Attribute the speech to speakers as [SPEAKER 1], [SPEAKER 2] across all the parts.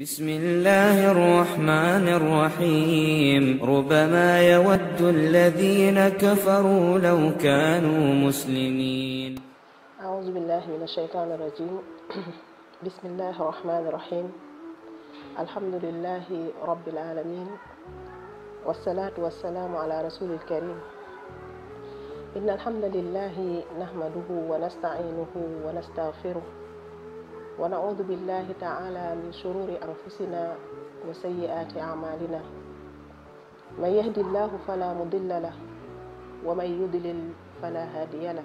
[SPEAKER 1] بسم الله الرحمن الرحيم ربما يود الذين كفروا لو كانوا مسلمين أعوذ بالله من الشيطان الرجيم بسم الله الرحمن الرحيم الحمد لله رب العالمين والصلاة والسلام على رسول الكريم إن الحمد لله نحمده ونستعينه ونستغفره ونعوذ بالله تعالى من شرور أنفسنا وسيئات أعمالنا من يهدي الله فلا مضل له ومن يضلل فلا هادي له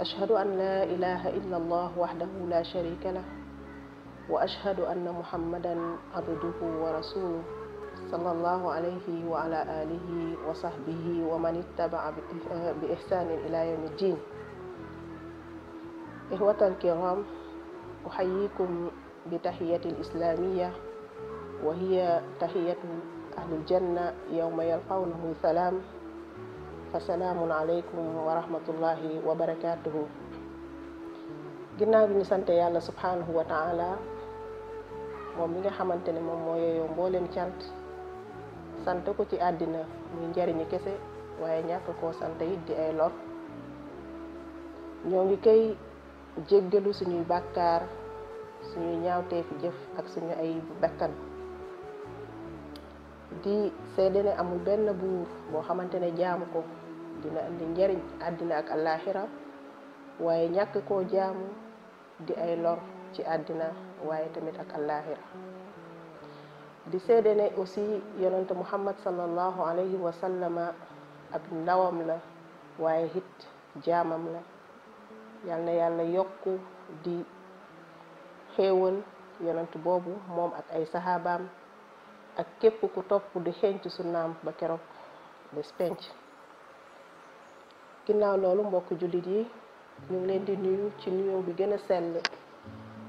[SPEAKER 1] أشهد أن لا إله إلا الله وحده لا شريك له وأشهد أن محمدا عبده ورسوله صلى الله عليه وعلى آله وصحبه ومن اتبع بإحسان إلى يوم الدين إخوة الكرام أحييكم بتحية الإسلامية وهي تحية أهل الجنة يوم يلقونه سلام فسلام عليكم ورحمة الله وبركاته ginnaaw bi ñu sante yàlla subhanahu wa ta'ala moom mi nga xamante ne moom moo yeyoo mbooleem cant sant ko ci àddina muy njariñu kese waaye ñàkk koo sant it di ay lor ñoo ngi koy jéggalu suñuy bakkaar suñu ñaawteefi jëf ak suñu ay bekkan di seedene amul benn buur boo xamante ne jaamu ko dina andi njëriñ àddina ak allaxira waaye ñàkk koo jaamu di ay lor ci àddina waaye tamit ak allaxira di seedene aussi yonente muhammad salallahu alayhi wa sallama ab ndawam la waaye it jaamam la yàl na yàlla yokku di xéewal yonent boobu moom ak ay saxaabaam ak képp ku topp di xenc sunnaam ba keroog bés penc ginnaaw loolu mbokk jullit yi ñu ngi leen di nuyu ci nuyoo bi gën a sell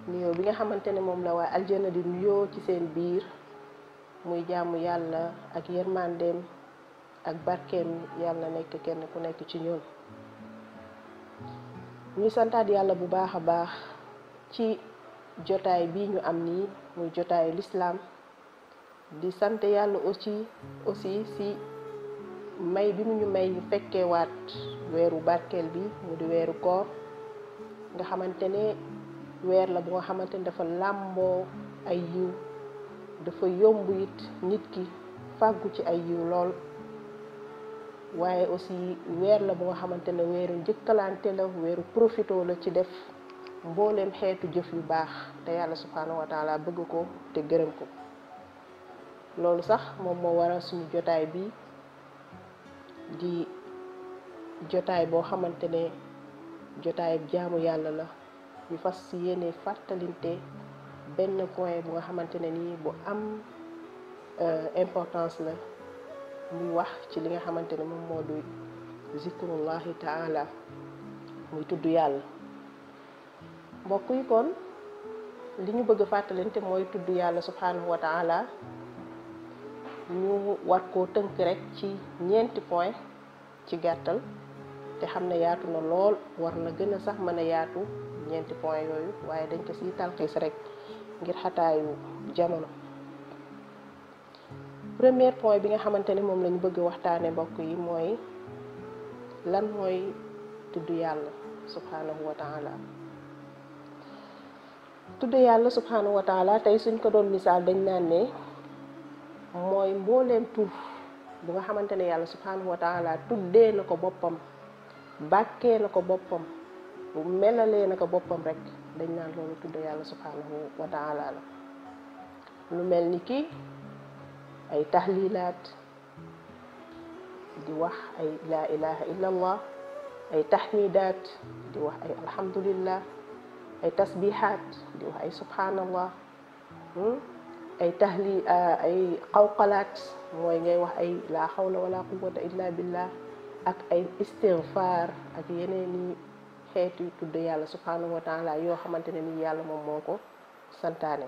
[SPEAKER 1] nuyoo bi nga xamante ne moom la waa aljana di nuyoo ci seen biir muy jàmm yàlla ak yërmandeem ak barkeem yàlla nekk kenn ku nekk ci ñoom ñuy santaat yàlla bu baax baax ci jotaay bii ñu am nii muy jotaayu lislaam di sant yàlla aussi aussi si may bi mu ñu may ñu fekkeewaat weeru barkeel bi mu di weeru koor nga xamante ne weer la bu nga xamante ne dafa làmboo ay yiw dafa yomb it nit ki fàggu ci ay yiw lool waaye aussi weer la bu nga xamante ne weeru njëkkalante la weeru profito la ci def mboolem xeetu jëf yu baax te yàlla subhanahu wa bëgg ko te gërëm ko loolu sax moom moo waral suñu jotaay bi di jotaay boo xamante ne jotaay jaamu yàlla la ñu fas si yéene fàttalinte benn point bu nga xamante ne nii bu am euh, importance la muy wax ci li nga xamante ne moom moo du zikrullahi taala muy tudd yàlla mbokk yi kon li ñu bëgg fàttalinte mooy tudd yàlla subhanahu wa taala ñu war koo tënk rek ci ñeenti point ci gàttal te xam na yaatu na lool war na gën a sax mën a yaatu ñeenti point yooyu waaye dañ ko siy talxiis rek ngir xataayu jamono premier point bi nga xamante ne moom lañu ñu bëgg waxtaane mbokk yi mooy lan mooy tudd yàlla subhanahu wa taala tudd yàlla subhanahu wa taala tey suñ ko doon misaal dañ naan ne mooy mbooleem tur bu nga xamante ne yàlla subhanahu wa taala tuddee na ko boppam bàkkee na ko boppam melalee na ko boppam rek dañ naan loolu tudd yàlla subhanahu wa taala la lu mel ni kii ay tahlilaat di wax ay laa ilaha illa allah ay tahmidaat di wax ay alhamdulillah ay tasbihaat di wax ay subhanallah hmm? ay tahli ah, ay xawqalaat mooy ngay wax ay la xawla wala quwwata la billah ak ay istighfar ak yeneen i xeetu tudd yàlla subhanahu wa yoo xamante ne ni yàlla moom moo ko santaane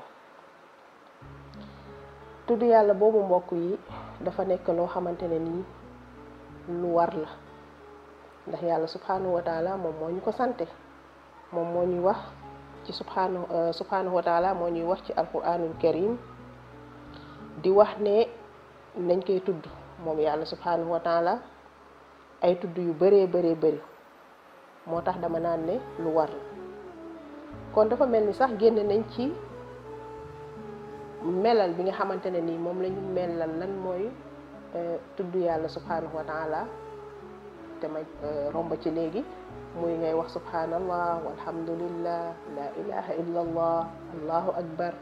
[SPEAKER 1] tudd yàlla boobu mbokk yi dafa nekk loo xamante ne nii lu war la ndax yàlla subhanahu moom moo ñu ko sante moom moo ñuy wax ci subhanahu eh, subhanahu wa taala mo ñuy wax ci alquranul karim di wax ne nañ koy tudd moom yàlla subhanahu wa taala ay tudd yu bëree bëree bëri moo tax dama naan ne lu war la kon dafa mel ni sax génn nañ ci melal bi nga xamante ne nii moom melal lan mooy eh, tudd yàlla subhanahu wa taala te ma eh, romba ci léegi muy ngay wax subhanallah walhamdulillah la ilaha illa allah allahu akbar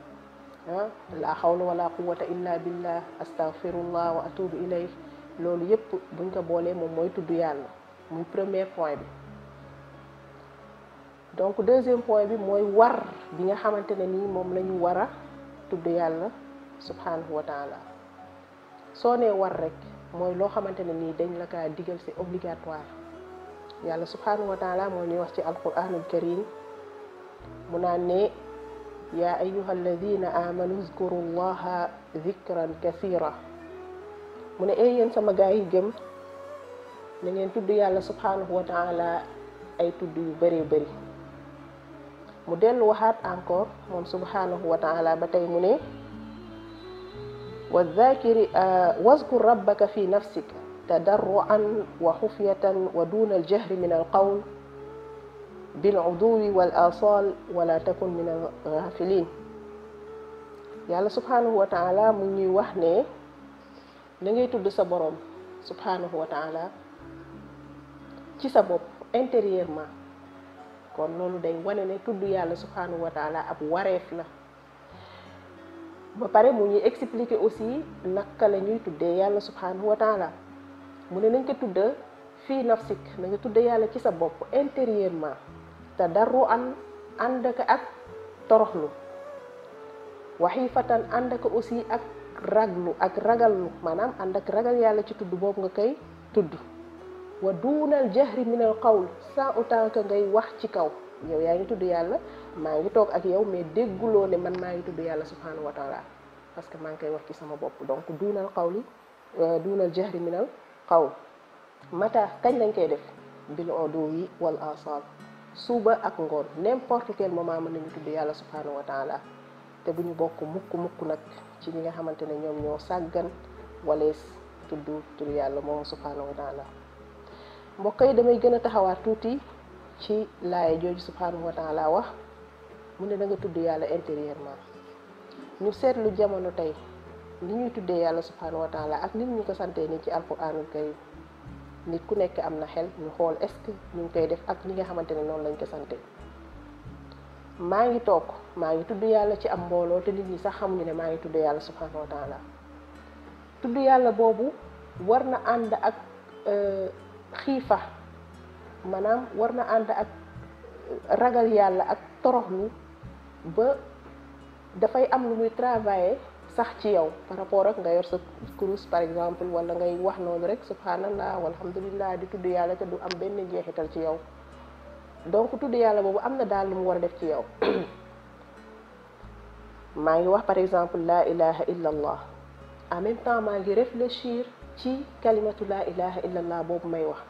[SPEAKER 1] ah la hawla wala quwata illa billah astaghfirullah wa atubu ilayh loolu yëpp buñ ko boolee moom mooy tudd yàlla muy premier point bi donc deuxième point bi mooy war bi nga xamante ne nii moom lañu ñu war a tudd yàlla subhanahu wa soo nee war rek mooy loo xamante ne nii dañ la kaa digal c'est obligatoire yàlla subhanahu wa taala moo ñuy wax ci alquranul karim mu naan ne yaa ayuha alladina amanu zkuru llaha zikran kasira mu ne sama gaa yi gëm na ngeen tudd yàlla subhanahu wa taala ay tudd yu bëree bari mu dellu waxaat encore moom subhanahu wa taala ba tey mu ne wa zakiri wazkur fi nafsika تدرعا وخفية ودون الجهر من القول بالعدو والآصال ولا تكن من الغافلين yàlla subhanahu wa ta'ala mu ñuy wax ne na ngay tudd sa borom subhanahu wa ta'ala ci sa bopp intérieurement kon loolu day wane ne subhanahu wa ta'ala ab wareef la ba pare mu ñuy expliquer aussi naka la ñuy tuddee yàlla subhanahu wa ta'ala mu ne nañ ko tudda fii nafsik na nga tudda yàlla ci sa bopp intérieurement te daru an ànd ak ak toroxlu waxifatan ànd ak aussi ak rag raglu ak ragallu maanaam ànd ak ragal yàlla ci tudd boobu nga koy tudd wa duunal jahri min al qawl sans autant que ngay wax ci kaw yow yaa ngi tudd yàlla maa ngi toog ak yow mais dégguloo ne man maa ngi tudd yàlla subhanahu wa taala parce que maa ngi koy wax ci sama bopp donc duunal qawli euh, duunal jahri minal kaw mata kañ lañ koy def bil odo yi wal asal, suba ak ngor n'importe quel moment mën nañu tuddu yalla subhanahu wa taala té buñu ñu bokk mukk mukk nak ci ñi nga xamantene ñom ñoo saggan walees tuddu tur yalla moom subhanahu wa taala mbokay damay gëna taxawaat ci laaya jooju subhanahu wa taala wax mu da nga tuddu yalla intérieurement ñu sétlu jamono tay li ñuy tuddee yàlla subhanahu wa taala ak nit ñu ko santee ni ci alquranul karim nit ku nekk am na xel ñu xool est ce que ñu ngi koy def ak li xamante ne noonu lañ ko sante maa ngi toog maa ngi tudd yàlla ci am mbooloo te nit ñi sax xamuñu ne maa ngi tudd yàlla subhanahu wa taala tudd yàlla boobu war na ànd ak euh, xiifa maanaam war na ànd ak ragal yàlla ak toroxlu ba dafay am lu muy travailler sax ci yow par rapport ak nga yor sa kurus par exemple wala ngay wax noonu rek subhanallah walhamdulillah di tudd yàlla te du am benn jeexital ci yow donc tudd yàlla boobu am na daal lu mu war a def ci yow maa ngi wax par exemple laa ilaha illallah en même temps maa ngi réfléchir ci kalimatu la ilaha illallah boobu may wax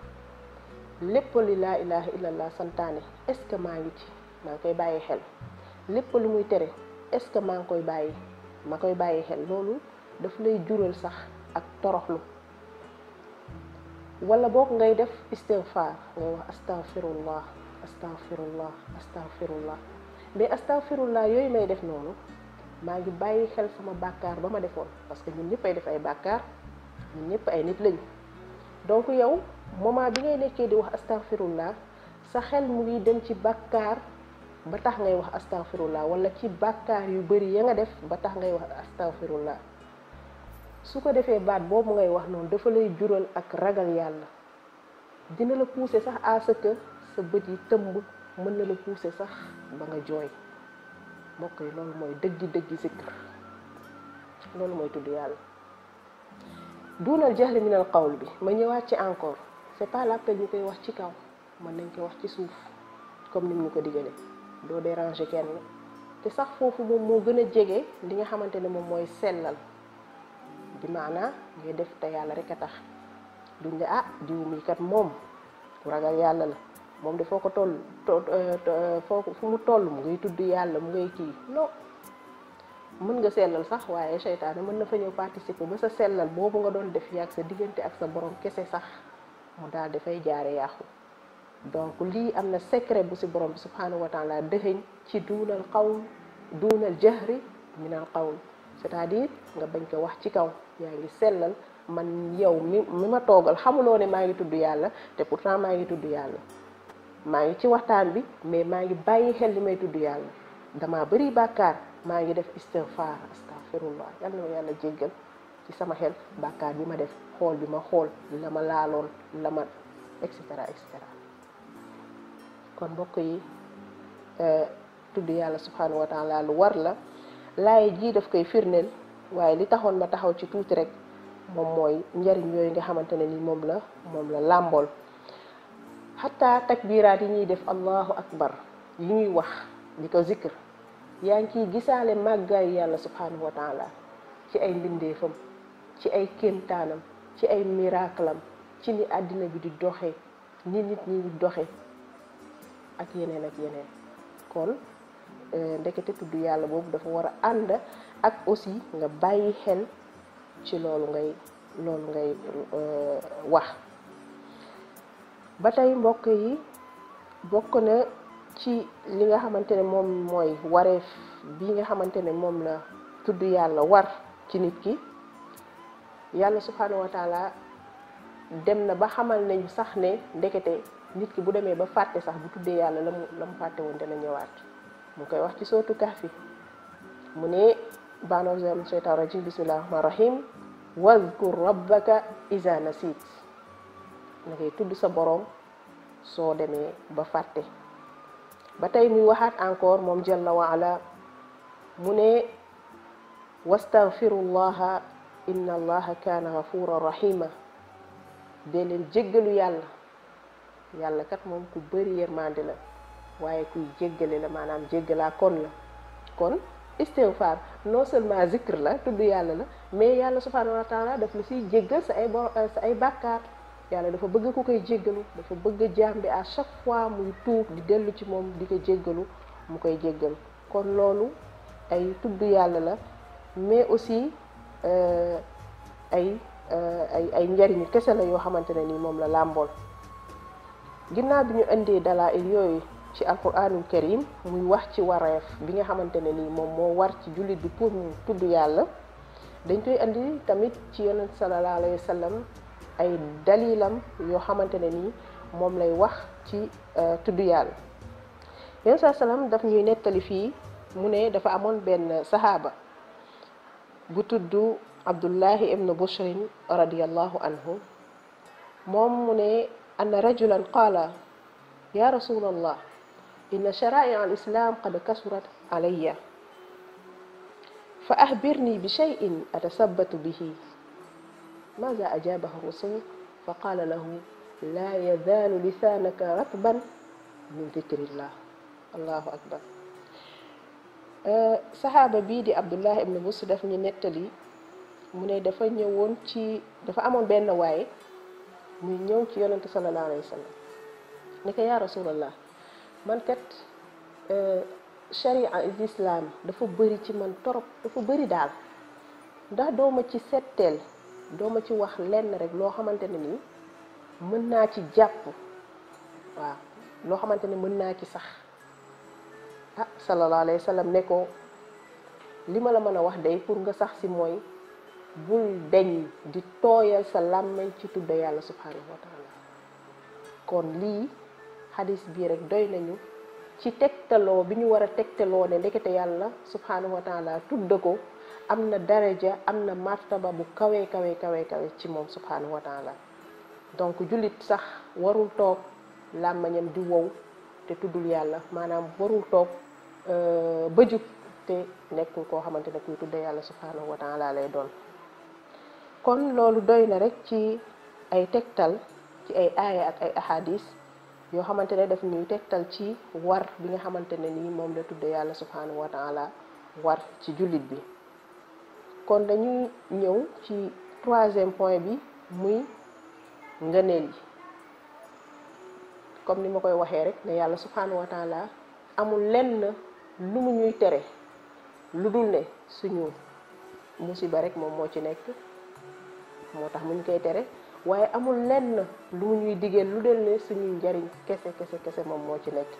[SPEAKER 1] lépp li la ilaha illallah santaane est ce que maa ngi ci maa ngi koy bàyyi xel lépp lu muy tere est ce que maa ngi koy bàyyi ma koy bàyyi xel loolu daf lay jural sax ak toroxlu wala boog ngay def istighfar ngay wax astaghfirullah astaghfirullah astaghfirullah mais astaghfirullah yooyu may def noonu maa ngi bàyyi xel sama bàkkaar ba ma defoon parce que ñun ñëpp ay def ay bàkkaar ñun ñëpp ay nit lañu donc yow moment bi ngay nekkee di wax astaghfirullah sa xel mu ngi dem ci bàkkaar ba tax ngay wax astaghfirullah wala ci bàkkaar yu bëri ya nga def ba tax ngay wax astaghfirullah su ko defee baat boobu ngay wax noonu dafa lay jural ak ragal yàlla dina la pousser sax à ce sa bët yi tëmb mën na la pousser sax ba nga jooy mbokk yi loolu mooy dëggi dëggi zikr loolu mooy tudd yàlla duunal jahli min al qawl bi ma ñëwaat ci encore c'est pas la ñu koy wax ci kaw mën nañ ko wax ci suuf comme ni ñu ko digalee do déranger kenn té sax fofu mom mo gëna a li nga xamante ne moom mooy sellal di mana ngay def ta yalla rek tax duñ la ah diw mi kat mom ku ragal yalla la mom de foko toll foko fu mu toll mu ngay tuddu yalla mu ngay ki non mën nga sellal sax waaye shaytan mën na fa ñëw participer ba sa sellal boobu nga doon def yak sa digënté ak sa borom kessé sax mu daal defay jaaré yaaxu donc li amna secret bu si borom subhanahu wa taala dëxëñ ci dunal qawl dunal jahri min al qawl c'est-à-dire nga bañ ko wax ci kaw yaa ngi man yow mi ma togal xamulo ne ma ngi tuddu yalla te pourtant ma ngi tuddu yalla ma ngi ci waxtan bi mais ma ngi bayyi xel limay tuddu yalla dama damaa bëri ma ngi def istighfar astaghfirullah yalla yalla ma jéggal ci sama xel bàkkaar bi ma def xol bi ma lama, la ma laaloon et cetera et cetera kon mbokk yi eh, tudd yàlla subhanahu wa taala lu war la laaye jii def koy firndeel waaye li taxoon ma taxaw ci tuuti rek moom mooy njariñ yooyu nga xamante ne ni moom la moom la làmbool xataa takbiraat yi ñuy def allahu akbar yi ñuy wax di ko zikr yaa ngi ciy gisaale màggaayu yàlla subhanahu wa taala ci ay mbindeefam ci ay kéemtaanam ci ay miracle ci ni àddina bi di doxe ni nit ñi di doxe ak yeneen ak yeneen kon euh, ndekete tudd yàlla boobu dafa war a ànd ak aussi nga bàyyi xel ci loolu ngay loolu ngay euh, wax ba tey mbokk yi bokk na ci li nga xamante ne moom mooy wareef bi nga xamante ne moom la tudd yàlla war ci nit ki yàlla subhanahu wa taala dem na ba xamal nañu sax ne ndekete nit ki bu demee ba fàtte sax bu tuddee yàlla la mu fàtte woon dana ñëwaat mu koy wax ci sootu kahfi mu ne baanose am seytaan rajim bismillahi rahmani rahim wazkur rabbaka iza nasit na tudd sa boroom soo demee ba fàtte ba tey muy waxaat encore moom jalla wa mu ne wastaghfirullaha inna allaha kaana gafuran rahima dee leen jéggalu yàlla yàlla kat moom ku bëri yërmande la waaye kuy jéggale la maanaam jéggalaa kon la kon istighfar non seulement zikr la tudd yàlla la mais yàlla subhanahu wa taala daf la siy jéggal sa ay bor euh, ay bàkkaar yàlla dafa bëgg ku koy jéggalu dafa bëgg jaam bi à chaque fois muy tuub di dellu ci moom di ko jéggalu mu koy jéggal kon loolu ay tudd yàlla la mais aussi euh, ay euh, ay ay njariñu kese la yoo xamante ne nii moom la làmbool ginnaaw bi ñu indee dalaa'il yooyu ci alquranul karim muy wax ci wareef bi nga xamante ne nii moom moo war ci jullit bi pour mu tudd yàlla dañ koy indi tamit ci yonent sallallahu alayhi wa ay dalilam yoo xamante ne nii moom lay wax ci euh, tudd yàlla yonent sallallahu alayhi wa daf ñuy nettali fii mu ne dafa amoon benn saxaaba bu tudd abdullahi ibnu bushrin radiallahu anhu moom mu ne أن رجلا قال يا رسول الله إن شرائع الإسلام قد كثرت علي فأخبرني بشيء أتثبت به ماذا أجابه الرسول فقال له لا يزال لسانك رطبا من ذكر الله الله أكبر أه، صحابة بيدي عبد الله بن busu من نتلي من دفن يوون تي ñëwoon امون dafa amoon muy ñëw ci yonente sallallahu alayhi wasallam manket ni ko ya rasulullah eh, man kat sharia islam dafa bëri ci man torop dafa bëri dal ndax dooma ci setteel dooma ci wax lenn rek lo xamanteni ni mën naa ci jàpp waaw loo xamante ne mën naa ci sax ah sallallahu alayhi wa sallam ne ko li ma la mën a wax day pour nga sax si mooy bul deñ di tooyal sa làmmañ ci tudda yàlla subhanahu wa kon lii xadis bii rek doy nañu ci tegtaloo bi ñu war a tegtaloo ne ndekete yàlla subhanahu wa taala tudda ko am na daraja am na martaba bu kawee kawe kawe kawe ci moom subhanahu wa taala donc jullit sax warul toog làmmañam di wow te tuddul yàlla maanaam warul toog euh, ba jug te nekkul koo xamante ne kuy tudda yàlla subhanahu wa taala lay doon kon loolu doy na rek ci ay tegtal ci ay aaya ak ay ahadis yoo xamante ne daf ñuy tegtal ci war bi nga xamante ne nii moom la tudde yàlla subhanahu wa taala war ci jullit bi kon dañuy ñëw ci troisième point bi muy ngëneel yi comme ni ma koy waxee rek ne yàlla subhanahu wa taala amul lenn lu mu ñuy tere lu dul ne suñu musiba rek moom moo ci nekk moo tax muñ koy tere waaye amul lenn lu ñuy digéen lu del ne suñuy njariñ kese kese kese moom moo ci nekk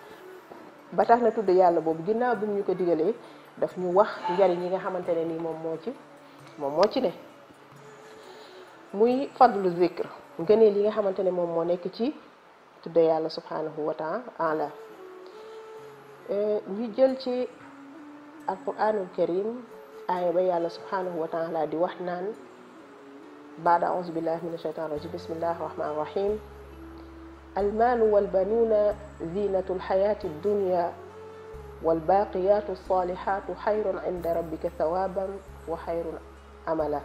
[SPEAKER 1] ba tax na tudd yàlla boobu ginnaaw bi ñu ko digalee daf ñu wax njariñ yi nga xamante ne nii moom moo ci moom moo ci ne muy fadlu zikre ngëneel yi nga xamante ne moom moo nekk ci tudd yàlla subhanahu wa taala en la ñu jël ci alquranul karim aaya ba yàlla subhanahu wa taala di wax naan بعد أعوذ بالله من الشيطان الرجيم بسم الله الرحمن الرحيم المال والبنون زينة الحياة الدنيا والباقيات الصالحات خير عند ربك ثوابا وخير أملا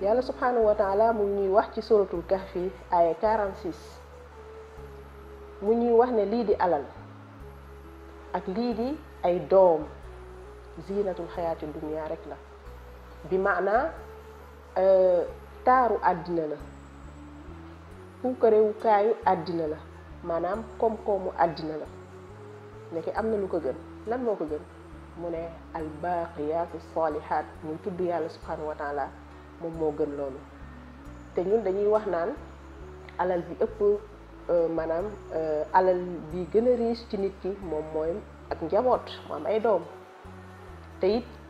[SPEAKER 1] يا الله سبحانه وتعالى mu ñuy سورة الكهف آية 46 mu ñuy wax ne lii di alal ak lii di ay doom ziinatul xayaati dunia taaru àddina la puukarewukaayu àddina la maanaam koom-koomu àddina la nekk am na lu ko gën lan moo ko gën mu ne al baaqiyaatu saalihaat muy tudd yàlla subhanahu wa moom moo gën loolu te ñun dañuy wax naan alal bi ëpp euh, maanaam euh, alal bi gën a riis ci nit ki moom mooy ak njaboot mu ay doom te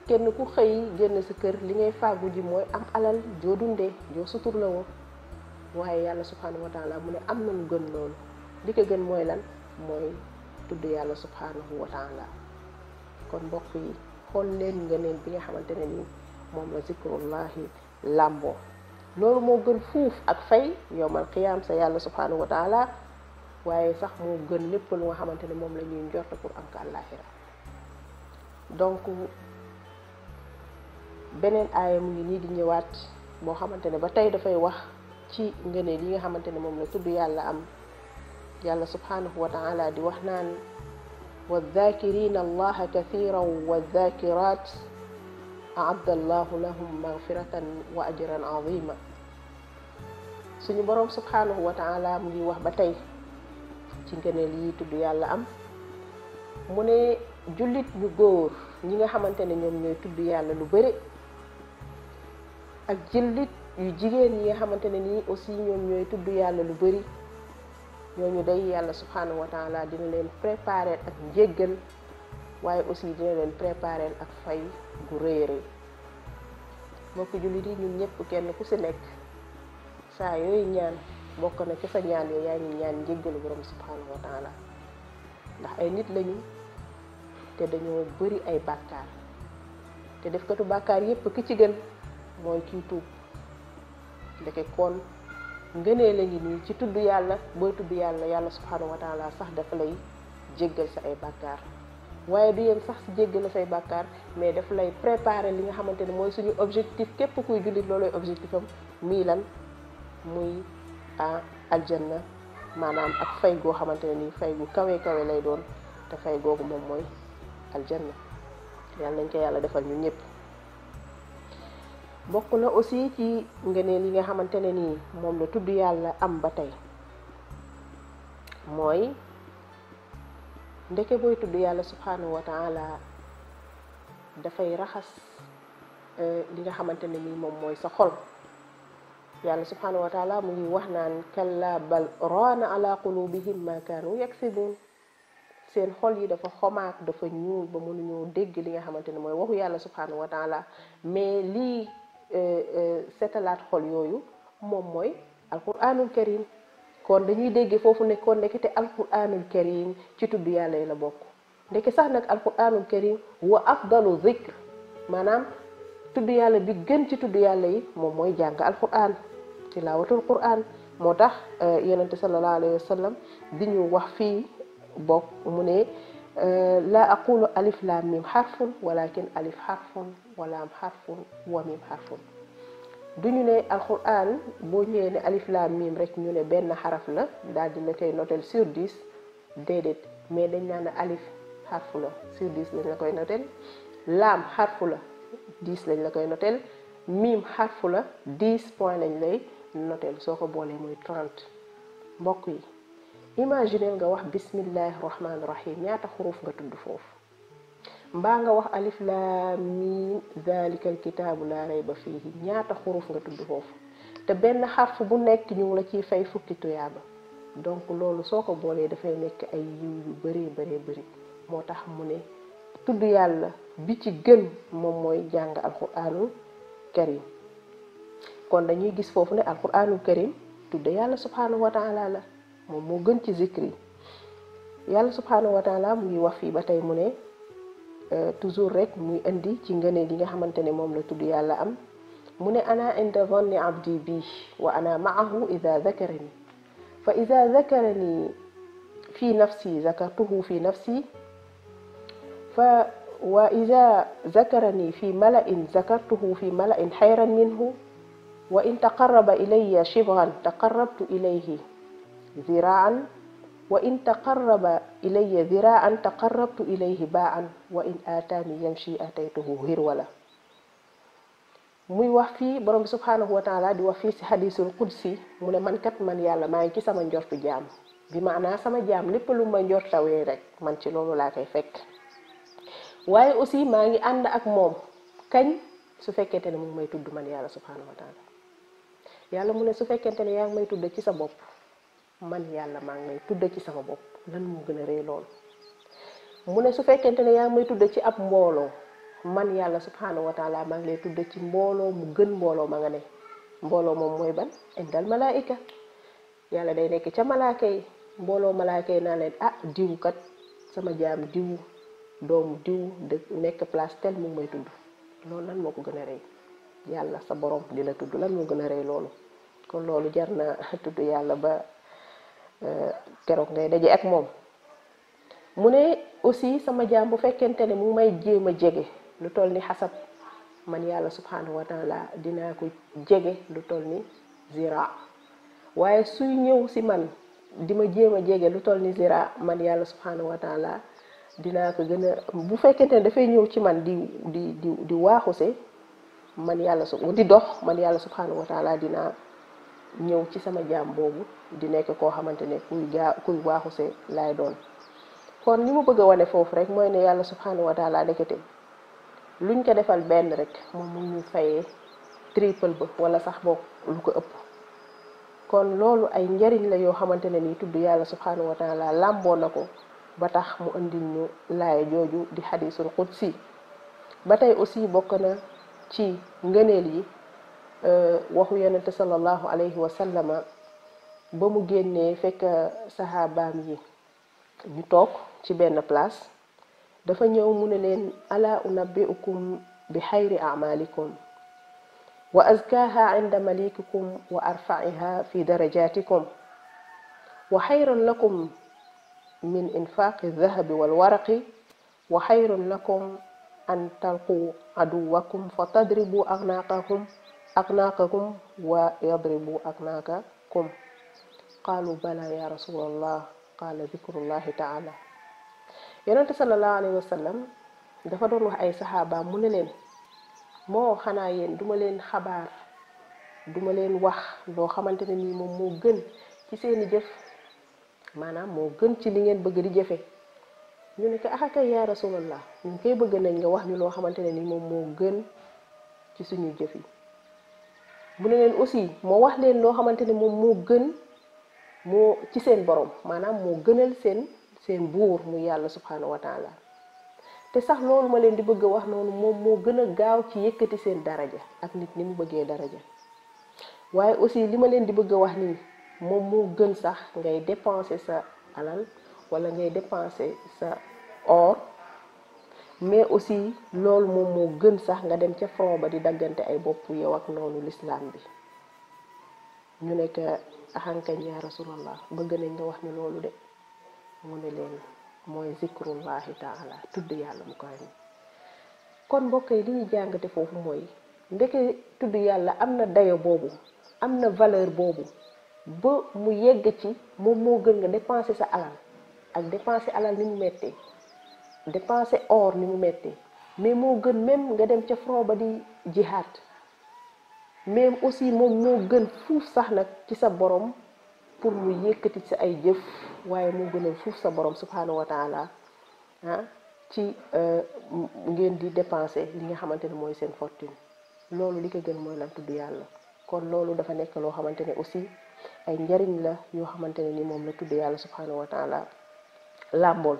[SPEAKER 1] kenn ku xëy génn sa kër li ngay fàggu ji mooy am alal joo dundee joo la woo waaye yàlla subhanahu wa taala mu ne am na lu gën loolu li ko gën mooy lan mooy tudd yàlla subhanahu wa taala kon mbokk yi xool leen nga ngëneel bi nga xamante ne nii moom la zikrullahi làmboo loolu moo gën fuuf ak yow yowmal qiyaam sa yàlla subhanahu wa waaye sax moo gën lépp lu nga xamante ne moom la ñuy njort pour am ko àllaaxira donc beneen aaya mu ngi nii di ñëwaat boo xamante ne ba tey dafay wax ci ngëneel yi nga xamante ne moom la tudd yàlla am yàlla subhanahu wa taala di wax naan والذاكرين الله كثيرا والذاكرات أعد الله لهم مغفرة وأجرا boroom subhanahu wa taala ngi wax ba tey ci ngëneel yi tudd yàlla am mu ne jullit ñu góor ñi nga xamante ne ñoom ñooy tudd yàlla lu bëri ak jullit yu jigéen yi nga xamante ne nii aussi ñoom ñooy tudd yàlla lu bëri ñooñu day yàlla subhanahu wa taala dina leen préparer ak njéggal waaye aussi dina leen préparer ak fay gu rëy rëy mbokk jullit yi ñun ñëpp kenn ku si nekk saa yooyu ñaan bokk na ci sa ñaan yooyu yaa ngi ñaan njéggalu borom subhanahu wa taala ndax ay nit lañu te dañoo bëri ay bàkkaar te bàkkaar yépp ki ci gën mooy kii tuub ndeke kon ngënee la ngi nii ci tudd yàlla booy tudd yàlla yàlla subhanahu wa sax dafa lay jéggal sa ay bàkkaar waaye du yem sax si jéggal say bàkkaar mais daf lay préparer li nga xamante ne mooy suñu objectif képp kuy jullit loolooy objectif am muy lan muy ah aljanna maanaam ak fay goo xamante ne nii fay gu kawee kawe lay doon te fay googu moom mooy aljanna yàlla nañ ko yàlla defal ñu ñëpp bokk na aussi ci ngëneel yi nga xamante ne nii moom la tudd yàlla am ba tey mooy ndeke booy tudd yàlla subhanahu wa taala dafay raxas eh, li nga xamante ne nii moom mooy sa xol yàlla subhanahu wa taala mu ngi wax naan kalla bal raana ala qulubihim ma kaanu yaksibun seen xol yi dafa xomaak dafa ñuul ba mënuñoo dégg li nga xamante ne mooy waxu yàlla subhanahu wa taala mais lii Euh, euh, setalaat xool yooyu moom mooy alquranul karim kon dañuy déggee foofu ne kon ndekete alquranul karim ci tudd yàlla yi la bokk ndeke sax nag alquranul karim wa afdalu zikr maanaam tudd yàlla bi gën ci tudd yàlla yi moom mooy jàng alquran tilaawatul quran moo tax euh, yonente sallallahu alayhi wa sallam di ñu wax fii bokk mu ne Euh, laa aqulu alif laam mim xarfun walakin alif xarfun walaam wa mim xarfun du ñu ne alquran boo ñëwee ne alif laam mim rek ñu ne benn xaraf la daal di la koy notel sur 10 déedéet mais dañ naan alif xarfu la sur 10 lañ la koy notel laam xarfu la lañ la koy notel mim xarfu la 10 point lañ lay notel soo ko boolee muy 30 mbokk yi. imagineel nga wax bismillahi rahmaani rahim ñaata xuruuf nga tudd foofu mbaa nga wax alif laam miim zalikal kitaabu laa rayba fiihi ñaata xuruuf nga tudd foofu te benn xarf bu nekk ñu la ciy fay fukki tuyaaba donc loolu soo ko boolee dafay nekk ay yiw yu bëree bëree bari moo tax mu ne tudd yàlla bi ci gën moom mooy jàng alquraanul karim kon dañuy gis foofu ne alquraanul karim tudd yàlla subhaanahu wa la moom moo gën ci zikri yàlla subhanahu wa taala mu ngi wax fii ba tey mu ne toujours rek muy indi ci ngëneel li nga xamante ne moom la tudd yàlla am mu ne ana inda dhanni abdi bi wa ana maahu ida zakarani fa ida zakarani fi nafsi zakartuhu fi nafsi fa wa ida zakarani fi malain zakartuhu fi malain xayran minhu wa in taqarraba ilaya shibran taqarrabtu ilayhi ذراعا وإن تقرب إلي ذراعا تقربت إليه باعا وإن آتاني يمشي أتيته هرولا muy wax fii boroom bi subhaanahu wa di wax fii si xadisul qudsi mu man kat man yàlla maa ngi ci sama njortu jaam bi maanaa sama jaam lépp lu ma njortawee rek man ci loolu laa koy fekk waaye aussi maa ngi ànd ak moom kañ su fekkente ne mu may tudd man yàlla subhaanahu wa yàlla mu ne su fekkente ne yaa ngi may tudd ci sa bopp man yàlla maa ngi may tudde ci sama bopp lan moo gën a rëy loolu mu ne su fekkente ne yaa ngi may tudde ci ab mbooloo man yàlla subhanahu wa taala maa ngi lay tudde ci mbooloo mu gën mbooloo ma nga ne mbooloo moom mooy ban indal malaayika yàlla day nekk ca malaake yi mbooloo malaaka yi naa leen ah diw kat sama jaam diw doomu diw de nekk place tel mu ngi may tudd loolu lan moo ko gën a rëy yàlla sa borom di la tudd lan moo gën a rëy loolu kon loolu jar na tudd yàlla keroog ngay daje ak moom mu ne aussi sama jaam bu fekkente ne mu may jéem a jege lu toll ni xasab man yàlla subhanahu wa taala dinaa ko jege lu toll ni zira waaye suy ñëw si man di ma jéem a jege lu toll ni zira man yàlla subhanahu wa taala dinaa ko gën bu fekkente ne dafay ñëw ci man di di di di waaxuse man yàlla su di dox man yàlla subhanahu wa taala dinaa ñëw ci sama jaam boobu di nekk koo xamante ne kuy jaa kuy waaxuse laay doon kon li mu bëgg a wane foofu rek mooy ne yàlla subhanahu wa ndekete luñ ko defal benn rek moom mu ñu fayee triple ba wala sax boo lu ko ëpp kon loolu ay njariñ la yoo xamante ne nii tudd yàlla subhanahu wa taala na ko ba tax mu indi ñu jooju di xadisul si ba tey aussi bokk na ci ngëneel yi waxu yonente sallallahu alayhi wa sallama ba mu génnee fekk saxaabaam yi ñu toog ci benn place dafa ñëw mu ne leen ala unabbiukum bi xayri amalikum wa azkaha inda malikikum wa arfaiha fi darajatikum wa xayran lakum min infaqi dahabi walwaraqi wa xayran lakum an talqu aduwakum fa tadribu agnaqahum ak waa أقناقكم ويضرب أقناقكم قالوا بلى يا رسول الله قال ذكر الله تعالى yonente sallallahu alayhi wa sallam dafa doon wax ay saxaabaam mu ne leen moo xanaa yéen duma leen xabaar duma leen wax loo xamante ne nii moom moo gën ci seeni jëf maanaam moo gën ci li ngeen bëgg di jëfe ñu ne ko axakay yaa nañ nga wax ñu loo xamante ne nii moom moo gën ci suñu jëf yi mu ne leen aussi moo wax leen loo xamante ne moom moo gën moo ci seen borom maanaam moo gënal seen seen buur mu yàlla subhanahu wa taala te sax loolu ma leen di bëgg a wax noonu moom moo gën a gaaw ci yëkkati seen daraja ak nit ni mu bëggee daraja waaye aussi li ma leen di bëgg a wax nii moom moo gën sax ngay dépenser sa alal wala ngay dépenser sa or mais aussi loolu moom moo gën sax nga dem ca front ba di daggante ay bopp yow ak noonu lislaam bi ñu nekk axankañ yaa rasulallah bëgg nañ nga wax ni loolu de mu ne leen mooy zikrullahi taala tudd yàlla mu koy kon mbokk li ñu jàngate foofu mooy ndeke tudd yàlla am na dayo boobu am na valeur boobu ba mu yegg ci moom moo gën nga dépenser sa alal ak dépenser alal ni ñu mettee dépenser or ni mu metti mais moo gën même nga dem ca front ba di jixaat même aussi moom moo gën fuuf sax nag ci sa borom pour mu yëkkati sa ay jëf waaye moo gënal fuuf sa borom subhanahu wa taala ah ci euh, ngeen di dépenser li nga xamante ne mooy seen fortune loolu li ko gën mooy lan tudd yàlla kon loolu dafa nekk loo xamante ne aussi ay njariñ la yoo xamante ne ni moom la tudd yàlla subhanahu wa taala làmbool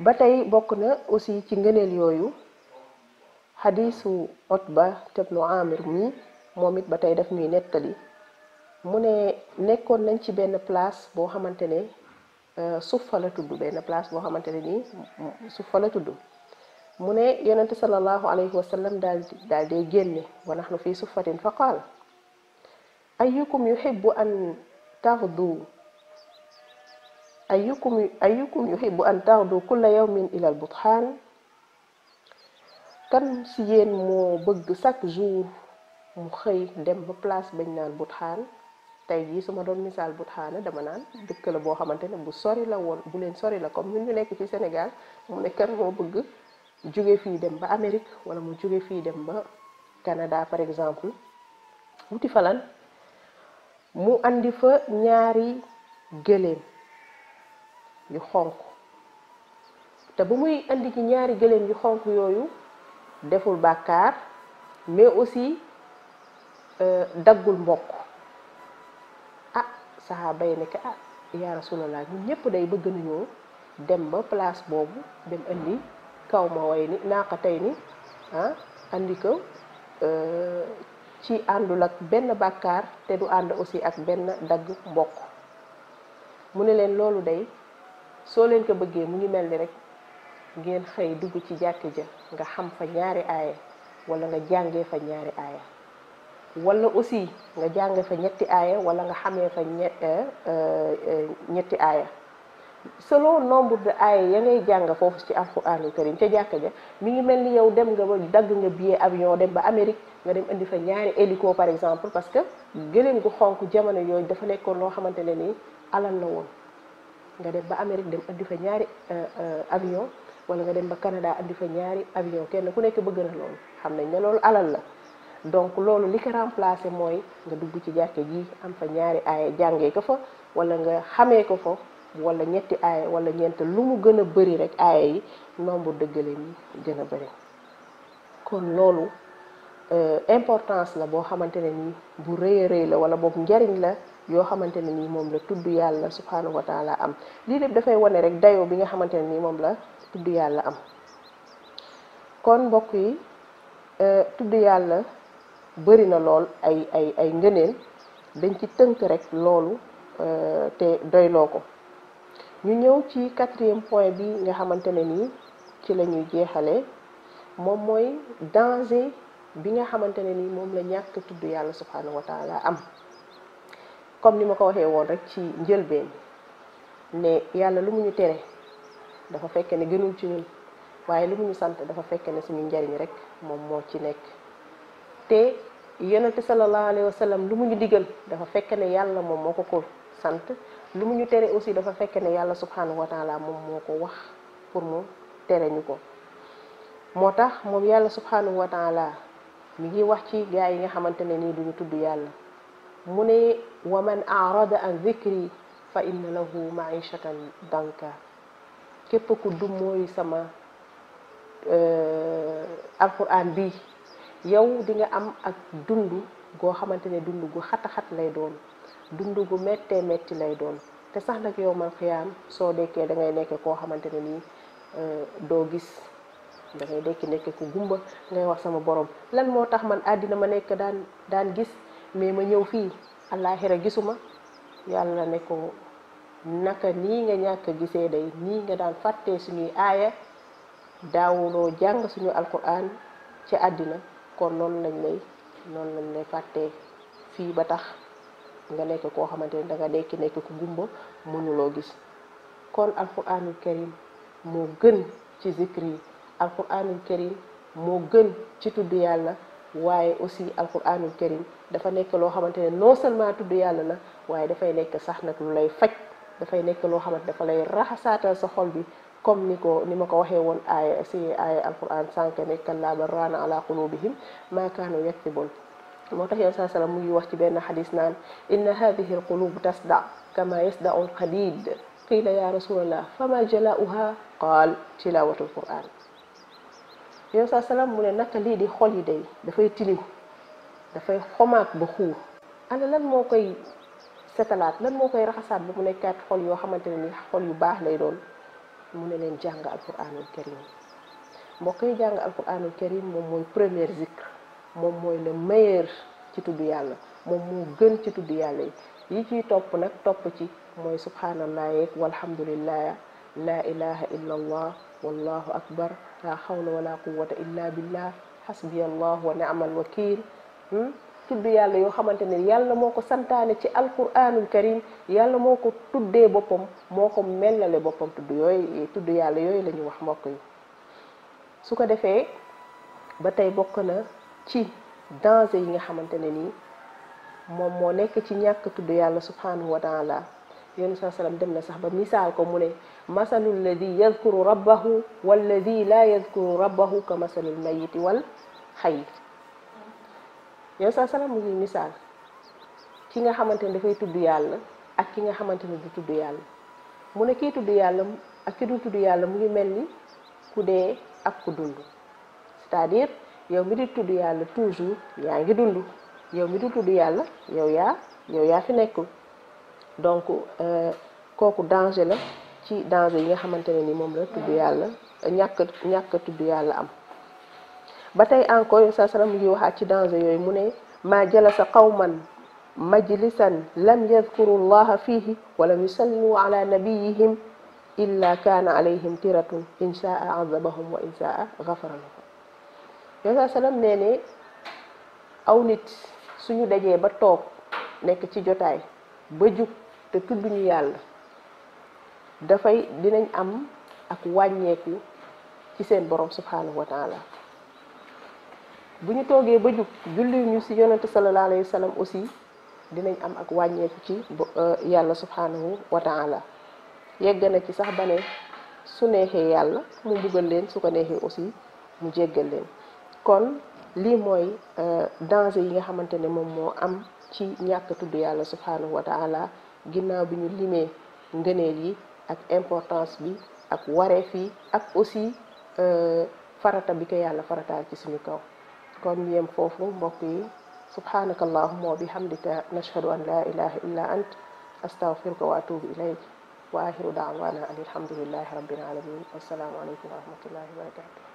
[SPEAKER 1] ba tey bokk na aussi ci ngëneel yooyu xadiisu Utba tebnu Amir mi moom it ba tey def ñuy nettali mu ne nekkoon nañ ci benn place boo xamante ne euh, suffa la tudd benn place boo xamante ne nii suffa la tudd mu ne yonente sallallahu alayhi wa sallam daal daal day génne wa nahnu fii suffatin fa qaal ayyukum yuhibbu an taghdu أيكم أيكم يحب أن تغدو كل يوم إلى البطحان kan si moo bëgg chaque jour mu xëy dem ba place bañ naan xaan tey jii su ma doon misaal Butxaan dama naan dëkk la boo xamante ne bu sori la bu leen sorila la comme ñun nekk ci Sénégal mu ne kan moo bëgg jóge fii dem ba Amérique wala mu jóge fi dem ba Canada par exemple wuti falan mu andi fa ñaari gëléem yu xonq te ba muy indi ci ñaari gëléem yu xonq yooyu deful bàkkaar mais aussi euh, daggul mbokk ah saxaaba yi nekk ah yaa rasulallah ñun ñëpp day bëgg nañoo dem ba place boobu dem indi kaw ma way ni naaqa tey ni ah andi ko euh, ci àndul ak benn bàkkaar te du ànd aussi ak benn dagg mbokk mu ne leen loolu day soo leen ko bëggee mu ngi mel ni rek ngeen xëy dugg ci jàkk ja nga xam fa ñaari aaya wala nga jàngee fa ñaari aaya wala aussi nga jàngee fa ñetti aaya wala nga xamee fa eh, eh, eh, ñetti aaya selon nombre de aaya ya ngay jàng foofu ci alxuraanul karim ca jàkk ja mi ngi mel ni yow dem nga ba dagg nga billet avion dem ba Amérique nga dem indi fa ñaari hélico par exemple parce que gëléem gu xonk jamono yooyu dafa nekkoon loo xamante ne nii alal la woon nga dem ba Amérique dem andi fa ñaari euh, euh, avion wala nga dem ba Canada andi fa ñaari avion kenn ku nekk bëgg na loolu xam nañ ne loolu alal la donc loolu li ko remplacé mooy nga dugg ci jàkke ji am fa ñaari aaya jàngee ko fa wala nga xamee ko fa wala ñetti aaya wala ñeent lu mu gën a bëri rek aaya yi nombre de nii yi gën a bëri kon loolu euh, importance la boo xamante ne nii bu rëy rëy la wala boobu njariñ la yoo xamante ni nii moom la tudd yàlla subhanahu wa taala am lii lépp dafay wane rek dayoo bi nga xamante ni moom la tudd yàlla am kon mbokk yi e, tudd yàlla bëri na lool ay ay ay ngëneel dañ ci tënk rek loolu e, te doyloo ko ñu ñëw ci quatrième point bi nga xamante ne nii ci la ñuy jeexale moom mooy danger bi nga xamante ne nii moom la ñàkk tudd yàlla subhanahu wa taala am comme ni ma ko waxé won rek ci ben ne yalla lu mu ñu tere dafa fekk ne gënul ci ñun waaye lu mu ñu sant dafa fekk ne suñu njariñ rek momo mo ci nek te yonent sallallahu alayhi wa sallam lu mu ñu dafa fekk ne yalla mom momo ko sante lu mu ñu tere aussi dafa fekk ne yalla subhanahu wa taala momo moko ko wax pour mo téré ñuko motax mom yalla subhanahu wa taala mi ngi wax ci gaay yi nga xamantene ni duñu tuddu yalla mune waman arada an dhikri fa inna lahu maishatan danka kep ku du moy sama eh, alquran bi yow di nga am ak dundu go xamantene dundu gu xat-xat lay doon dundu gu méttee metti lay doon te sax nak yow man xiyaam so dekkee da ngay nekk ko xamantene ni euh do gis da ngay nekk ku gumba ngay wax sama borom lan motax man adina ma nekk daan daan gis mais ma ñëw fii àllaaxira gisuma yàlla ne ko naka nii nga ñàkk gisee day nii nga daan fàtte suñuy aaya daawuloo jàng suñu alquran ci àddina kon noonu lañ lay noonu lañ lay fàtte fii ba tax nga nekk koo xamante ne danga dekki nekk ko gumba mënuloo gis kon alquranul karim moo gën ci zikri yi karim moo gën ci tudd yàlla waaye aussi alquranul karim dafa nekk loo xamante ne non seulement tudd yàlla na waaye dafay nekk sax nag lu lay faj dafay nekk loo xamante dafa lay raxasaatal sa xol bi comme ni ko ni ma ko waxee woon aaya si aaya alquran sànq ne kallaa bal raana ala qulubihim maa kaanu yaktibun moo tax yow saa mu wax ci benn xadis naan inna hadihi alqulub tasda kama yasdau alqadid qila ya rasulallah fama jalaauha qaal tilawatu alquran yow saa salaam mu ne naka lii di xool yi day dafay tilim dafay xomaat ba xuur ana lan moo koy setalaat lan moo koy raxasaat ba mu nekkaat xol yoo xamante ne ni xol yu baax lay doon mu ne leen jàng alquranul karim mbokk yi jàng alquranul karim moom mooy première zikr moom mooy le meilleur ci tudd yàlla moom moo gën ci tudd yàlla yi yi ciy topp nag topp ci mooy subhanallah yeeg walhamdulillah la ilaha illa allah wallahu akbar xaw na wala quwwata illa billah hasbiya allah wa ni'mal wakil hmm? tudd yàlla yoo xamante ne yàlla moo ko santaane ci alquranul karim yàlla moo ko tuddee boppam moo ko mellale boppam tudd yooyu tudd yàlla yooyu la wax mbokk yi su ko defee ba tey bokk na ci danger yi nga xamante ne nii moom moo nekk ci ñàkk tudd yàlla subhanahu wa taala yéen saa dem na sax ba misaal ko mu ne masalu alladi yadkuru rabbahu walladi laa yadkuru rabbahu ka masalul mayiti wal xay yow sa salaam mu ngi misaal ki nga xamante ne dafay tudd yàlla ak ki nga xamante ne du tudd yàlla mu ne kii tudd yàlla ak ki du tudd yàlla mu ngi mel ni ku dee ak ku dund c'est-à-dire yow mi di tudd yàlla toujours yaa ngi yow mi di tudd yàlla yow yaa yow yaa fi nekkul donc euh, kooku danger la ci danger yi nga xamante ne ni moom la tudd yàlla ñàkk ñàkk tudd yàlla am ba tey encore yo sa salam ngi waxaat ci danger yooyu mu ne ma jalasa qawman majlisan lam yadkuru llaha fihi walam yusallu ala nabiyihim illa kaana alayhim tiratun inchaa azabahum wa inchaa gafara lahum yo sa salam nee ne nit suñu dajee ba toog nekk ci jotaay ba jug te tudd yàlla dafay dinañ am ak wàññeeku ci seen borom subhanahu wa taala bu ñu toogee ba jub julli ñu si yonente sallallahu alayhi wa sallam aussi dinañ am ak wàññeeku ci euh, yàlla subhanahu wa taala yegg na ci sax ba ne su neexee yàlla mu mbugal leen su ko neexee aussi mu jéggal leen kon lii mooy euh, danger yi nga xamante ne moom moo am ci ñàkk tudd yàlla subhanahu wa taala ginnaaw bi ñu limee ngëneel yi ak importance bi ak wareef yi ak aussi euh, farata bi ko yàlla farataal ci suñu kaw kon ñu yem foofu mbokk yi subhanaka allahuma wa bihamdika nashhadu an la ilaha illa ant astaghfiruka wa atubu ilayk wa axiru daawana an alhamdulillahi rabbil alamin wassalaamu aleykum wa rahmatullahi wa barakatuh